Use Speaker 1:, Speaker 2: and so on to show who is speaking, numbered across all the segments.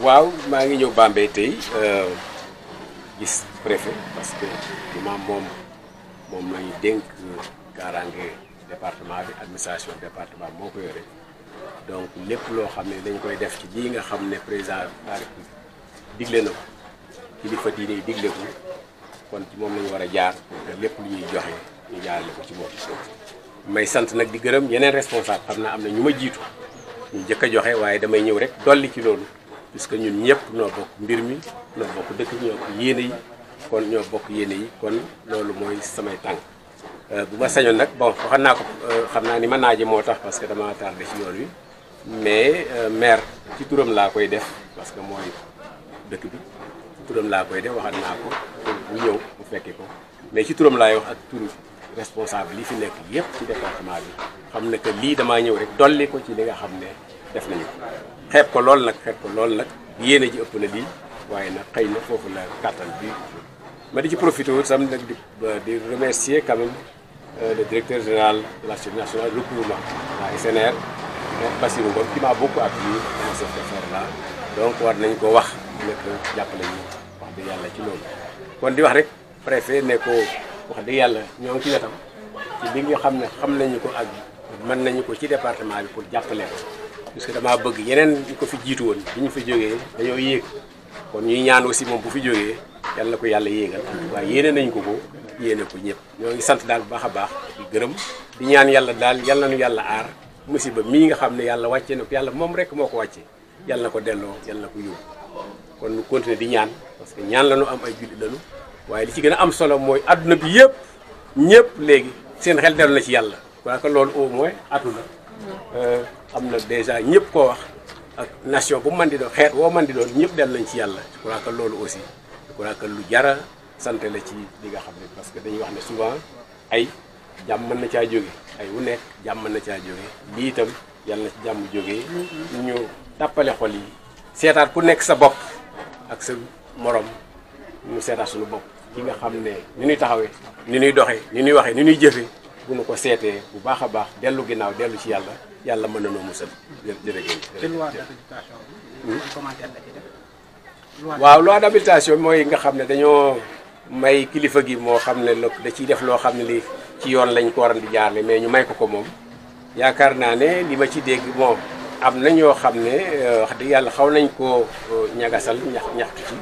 Speaker 1: waaw maa ngi ñëw Bambey tey euh, gis préfet parce que imam moom moom la dénk kaaraange département bi administration département moo ko yore donc lépp loo xam ne dañ koy def ci lii nga xam ne président de la République digle na ko kilifa diine yi digle ko kon moom la ñu war a jaar pour lépp lu ñuy joxe ñu jaarale ko ci bopp may sant nag di gërëm yeneen responsable xam naa am na ñu ma jiitu ñu njëkk a joxe waaye damay ñëw rek dolli ci loolu que ñun ñëpp noo bokk mbir mi noo bokk dëkk ñoo bokk yéene yi kon ñoo bokk yéene yi kon loolu mooy samay tànk euh, bu ma sañoon nag bon waxoon naa ko euh, xam naa ni ma naaje moo tax parce que dama tardé ci yoon wi mais euh, maire ci turam laa koy def parce que mooy dëkk bi ci turam laa koy def waxoon naa ko bu ñëw mu fekki ko mais ci turam laay wax ak turu responsable yi fi nekk yëpp ci département bi xam ne que lii damaa ñëw rek dolli ko ci li nga xam ne def nañu ko xeeb ko lool nag xeeb ko lool nag yéene ji ëpp na lii waaye nag xëy na foofu la kàttan bi ma di ci profité sam nag di di remercier quand même euh, directeur général de la Société nationale de recouvrement la SNR Bassirou Ngom qui m'a beaucoup appuyé dans cette affaire là donc war nañ ko wax nekk jàppale ñu wax dëgg yàlla ci loolu kon di wax rek préfet ne ko wax dëgg yàlla ñoo ngi ci wetam ci li nga xam ne xam nañu ko ak mën nañu ko ci département bi pour jàppale ko parce que dama bëgg ñeneen ñu ko fi jiitu woon bi ñu fa jógee dañoo yéeg kon ñuy ñaan aussi moom bu fi jógee yàlla na ko yàlla yéegal waaye yéene nañ ko ko yéene ko ñëpp ñoo ngi sant daal bu baax a baax di gërëm di ñaan yàlla daal yàlla nañu yàlla aar musiba mii nga xam ne yàlla wàccee na ko yàlla moom rek moo ko wàccee yàlla na ko delloo yàlla na ko yóbbu kon ñu continuer di ñaan parce que ñaan la ñu am ay jullit lañu waaye li ci gën a am solo mooy adduna bi yëpp ñëpp léegi seen xel dellu na ci yàlla waaye que loolu au moins atu Euh, am na déjà ñëpp koo wax ak nation bu man di doon xeet woo man di doon ñëpp del nañ ci yàlla je crois que loolu aussi je crois lu jara sant la ci li nga xam ne parce que dañuy wax ne souvent ay jàmm mën na caa jóge ay wu nekk jàmm mën na caa jóge lii itam yàlla ci jàmm jóge ñu tàppale xol yi seetaat ku nekk sa bopp ak sa morom ñu seetaat suñu bopp ki nga xam ne ni ñuy taxawee ni ñuy doxee ni ñuy waxee ni ñuy jëfee bu nu ko seetee bu baax a baax dellu ginnaaw dellu ci yàlla yàlla mën na noo musal. jërëjëf jërëjëf hmm? waaw loi d'habilitation bi mooy nga xam ne dañoo may kilifa gi moo xam ne da ciy def loo xam ne li ci yoon lañ ko war a di jaarale mais ñu may ko ko moom yaakaar naa ne li ma ci dégg moom am na ñoo xam ne euh, wax dëgg yàlla xaw nañ koo euh, ñagasal ñax ñaxtu ci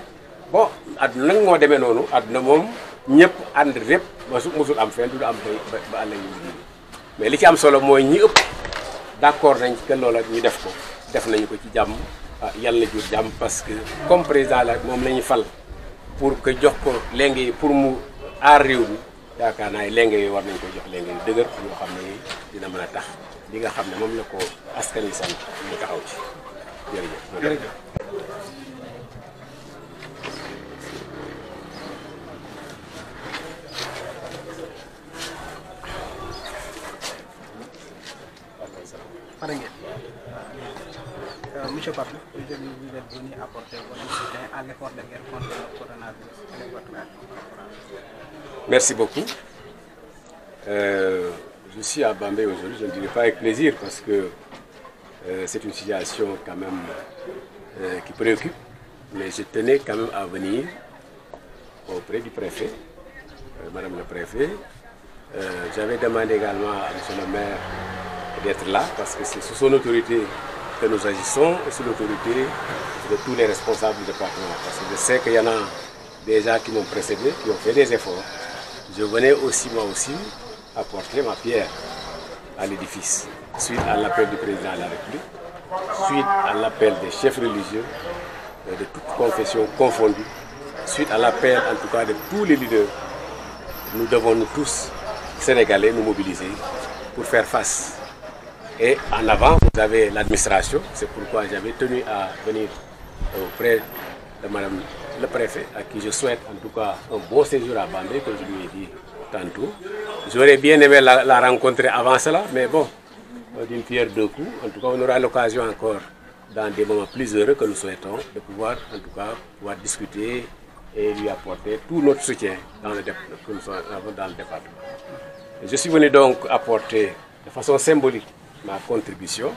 Speaker 1: bon àdduna nag moo demee noonu àdduna moom. ñëpp ànd répp masu mosul am fenn du du am ba ba àll yu mais li ci am solo mooy ñi ëpp d'accord nañ ci que ñu def ko def nañu ko ci jàmm ah, yàlla jur jàmm parce que comme président la moom lañuy fal pour que jox ko lenge yi pour mu aar réew mi yaakaar naa lenge yi war nañ ko jox lenge yu dëgër yoo xam ne dina mën a tax li nga xam ne moom la ko askan wi taxaw ci jërëjëf. Merci beaucoup. Euh, je suis à Bambé aujourd'hui, je ne dirais pas avec plaisir parce que euh, c'est une situation quand même euh, qui préoccupe, mais je tenais quand même à venir auprès du préfet, Madame le préfet. J'avais demandé également à monsieur le maire d'être là parce que c'est sous son autorité que nous agissons et sous l'autorité de tous les responsables du département. Parce que je sais qu'il y en a déjà qui m'ont précédé, qui ont fait des efforts. Je venais aussi, moi aussi, apporter ma pierre à l'édifice suite à l'appel du président de la République, suite à l'appel des chefs religieux de toutes confessions confondues, suite à l'appel en tout cas de tous les leaders, nous devons nous tous, Sénégalais, nous mobiliser pour faire face et en avant, vous avez l'administration. C'est pourquoi j'avais tenu à venir auprès de Madame le préfet, à qui je souhaite en tout cas un bon séjour à Bandé, comme je lui ai dit tantôt. J'aurais bien aimé la, rencontrer avant cela, mais bon, d'une pierre deux coups. En tout cas, on aura l'occasion encore, dans des moments plus heureux que nous souhaitons, de pouvoir en tout cas pouvoir discuter et lui apporter tout notre soutien dans le, dans le département. Je suis venu donc apporter de façon symbolique ma contribution,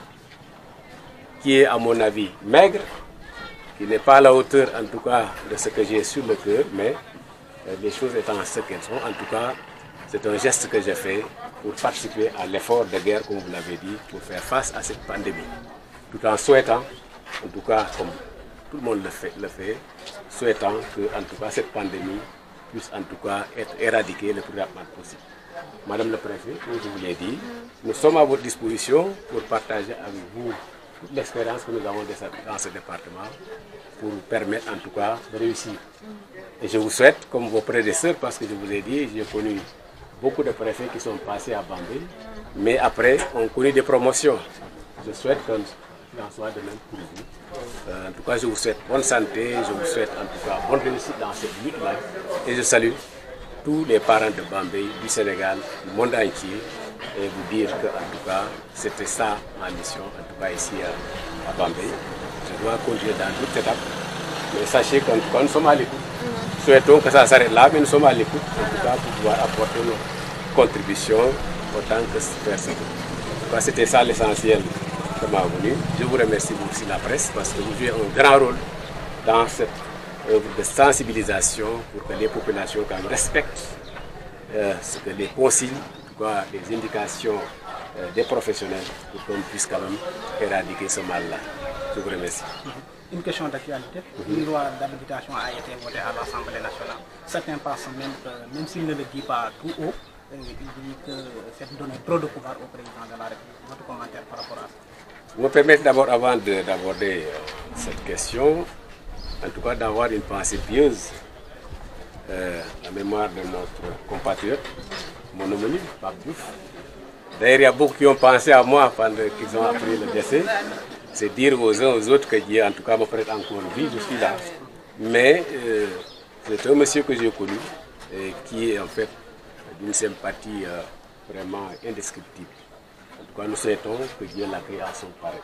Speaker 1: qui est à mon avis maigre, qui n'est pas à la hauteur en tout cas de ce que j'ai sur le cœur, mais euh, les choses étant ce qu'elles sont, en tout cas, c'est un geste que j'ai fait pour participer à l'effort de guerre, comme vous l'avez dit, pour faire face à cette pandémie. Tout en souhaitant, en tout cas, comme tout le monde le fait, le fait souhaitant que, en tout cas, cette pandémie puisse en tout cas être éradiquée le plus rapidement possible. Madame le Préfet, comme je vous l'ai dit, nous sommes à votre disposition pour partager avec vous toute l'expérience que nous avons dans ce département pour vous permettre en tout cas de réussir. Et je vous souhaite, comme vos prédécesseurs, parce que je vous ai dit, j'ai connu beaucoup de préfets qui sont passés à Bambé, mais après, on connaît des promotions. Je souhaite qu'on en soit de même pour vous. Euh, en tout cas, je vous souhaite bonne santé, je vous souhaite en tout cas bonne réussite dans cette lutte-là, et je salue tous les parents de Bambay, du Sénégal, du monde entier, et vous dire que, en tout cas, c'était ça ma mission, en tout cas ici euh, à, à Je dois conduire dans toute étapes, mais sachez tout cas, nous sommes à l'écoute. Souhaitons que ça s'arrête là, mais nous sommes à l'écoute, tout pour pouvoir apporter nos contributions en tant que personne. c'était ça l'essentiel de ma venue. Je vous remercie vous aussi la presse parce que vous jouez un grand rôle dans cette œuvre de sensibilisation pour que les populations respectent euh, les consignes, quoi, les indications euh, des professionnels pour qu'on puisse quand même éradiquer ce mal-là. Je vous remercie. Une question d'actualité. Une loi d'habilitation a été votée à l'Assemblée nationale. Certains pensent même que, même s'ils ne le disent pas tout haut, euh, ils disent que c'est donner trop de pouvoir au président de la République. Votre commentaire par rapport à ça Vous me permettez d'abord, avant d'aborder cette question, en tout cas d'avoir une pensée pieuse euh, la mémoire de notre compatriote, mon homonyme, Pape D'ailleurs, il y a beaucoup qui ont pensé à moi pendant qu'ils ont appris le décès. C'est dire aux uns aux autres que Dieu, en tout cas, me prête encore vie, je suis là. Mais euh, c'est un monsieur que j'ai connu et qui est en fait d'une sympathie euh, vraiment indescriptible. En tout cas, nous souhaitons que Dieu l'accueille à son pareil.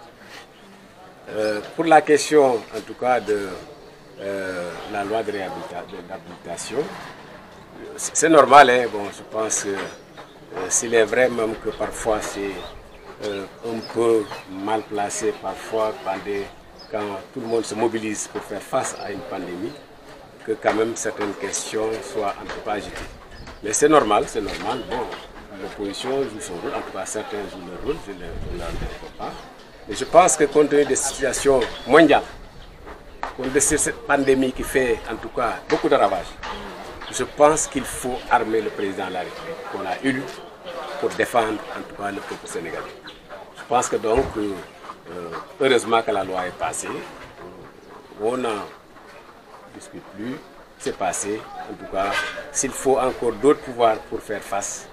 Speaker 1: Euh, pour la question, en tout cas, de euh, la loi de réhabilitation. C'est normal, hein. bon, je pense que euh, s'il est vrai même que parfois c'est euh, un peu mal placé, parfois quand, des, quand tout le monde se mobilise pour faire face à une pandémie, que quand même certaines questions soient un peu agitées. Mais c'est normal, c'est normal. Bon, l'opposition joue son rôle, en tout cas certains jouent leur rôle, je ne l'en pas. Mais je pense que compte tenu des situations mondiales, de cette pandémie qui fait en tout cas beaucoup de ravages, je pense qu'il faut armer le président de la République qu'on a élu pour défendre en tout cas le peuple sénégalais. Je pense que donc, euh, euh, heureusement que la loi est passée, euh, on n'en discute plus, c'est passé. En tout cas, s'il faut encore d'autres pouvoirs pour faire face,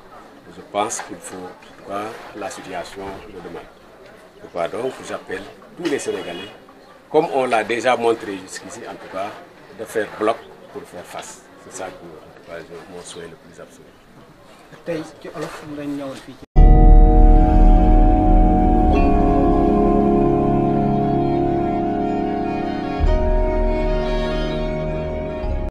Speaker 1: je pense qu'il faut, en tout cas, la situation De demande. Donc, j'appelle tous les Sénégalais comme on l'a déjà montré jusqu'ici, en tout cas, de faire bloc pour faire face. C'est ça que, en mon souhait le plus absolu.